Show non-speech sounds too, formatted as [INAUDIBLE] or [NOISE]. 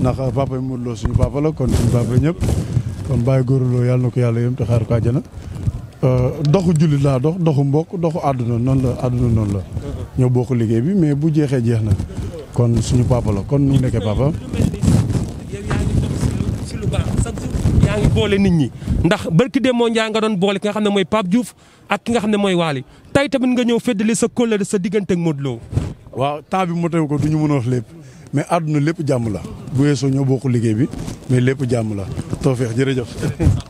ndax papa yi Modou Lo suñu papa la kon suñu papa ñëpp kon bàyyi góor loo yàlla na ko yàlla yëm te xaar ko àjjana euh, doxu jullit laa dox doxu mbokk doxu àdduna noonu la àdduna ñoo bokk liggéey bi mais bu jeexee jeex na kon suñu papa la kon nu mu nekkee papa yaa boole nit ñi ndax barki de moo njaa nga doon boole ki nga xam ne mooy Pape Diouf ak ki nga xam ne mooy Waly tey tamit nga ñëw feddali sa kóllëre sa diggante ak Lo waaw temps bi motewu ko du ñu mën a lépp mais àdduna lépp jàmm la bu weesoo ñoo bokk liggéey bi mais lépp jàmm la tawfeex jox [LAUGHS]